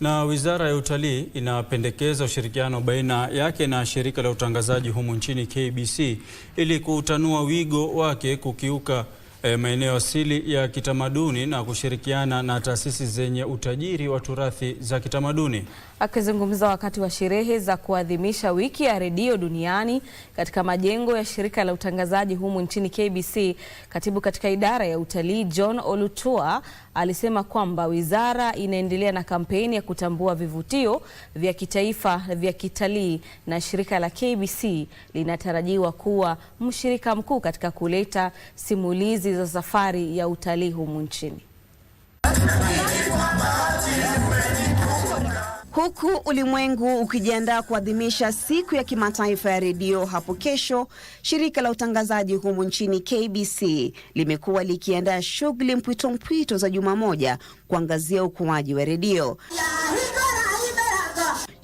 Na Wizara ya Utalii inapendekeza ushirikiano baina yake na shirika la utangazaji humu nchini KBC ili kutanua wigo wake kukiuka e, maeneo asili ya kitamaduni na kushirikiana na taasisi zenye utajiri wa turathi za kitamaduni. Akizungumza wakati wa sherehe za kuadhimisha wiki ya redio duniani katika majengo ya shirika la utangazaji humu nchini KBC, katibu katika idara ya utalii John Olutua alisema kwamba wizara inaendelea na kampeni ya kutambua vivutio vya kitaifa vya kitalii na shirika la KBC linatarajiwa kuwa mshirika mkuu katika kuleta simulizi hizi za safari ya utalii humu nchini. Huku ulimwengu ukijiandaa kuadhimisha siku ya kimataifa ya redio hapo kesho, shirika la utangazaji humu nchini KBC limekuwa likiandaa shughuli mpwito mpwito za juma moja kuangazia ukuaji wa redio.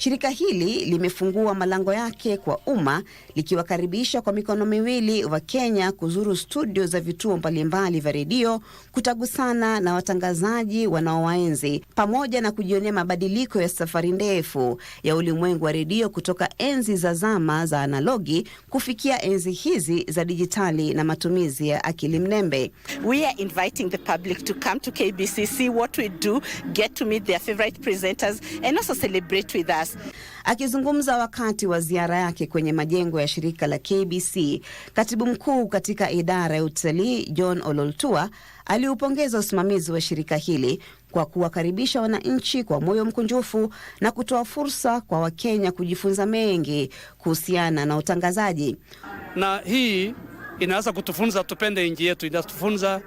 Shirika hili limefungua malango yake kwa umma likiwakaribisha kwa mikono miwili wa kenya kuzuru studio za vituo mbalimbali vya redio, kutagusana na watangazaji wanaowaenzi pamoja na kujionea mabadiliko ya safari ndefu ya ulimwengu wa redio kutoka enzi za zama za analogi kufikia enzi hizi za dijitali na matumizi ya akili mnembe. We are inviting the public to come to KBC, see what we do, get to meet their favorite presenters and also celebrate with us. Akizungumza wakati wa ziara yake kwenye majengo ya shirika la KBC, katibu mkuu katika idara ya utalii John Ololtua aliupongeza usimamizi wa shirika hili kwa kuwakaribisha wananchi kwa moyo mkunjufu na kutoa fursa kwa Wakenya kujifunza mengi kuhusiana na utangazaji. Na hii inaweza kutufunza tupende nchi yetu, inatufunza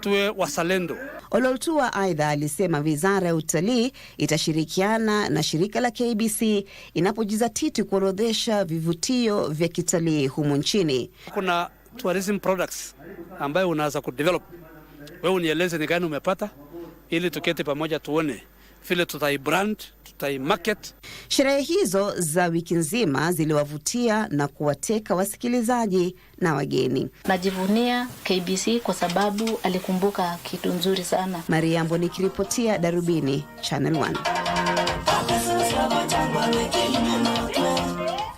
tuwe wasalendo. Ololtua aidha alisema wizara ya utalii itashirikiana na shirika la KBC inapojizatiti kuorodhesha vivutio vya kitalii humu nchini. Kuna tourism products ambayo unaweza kudevelop wewe, unieleze ni gani umepata, ili tuketi pamoja tuone vile tutaibrand Maasai Market. Sherehe hizo za wiki nzima ziliwavutia na kuwateka wasikilizaji na wageni. Najivunia KBC kwa sababu alikumbuka kitu nzuri sana. Mariambo nikiripotia Darubini Channel 1.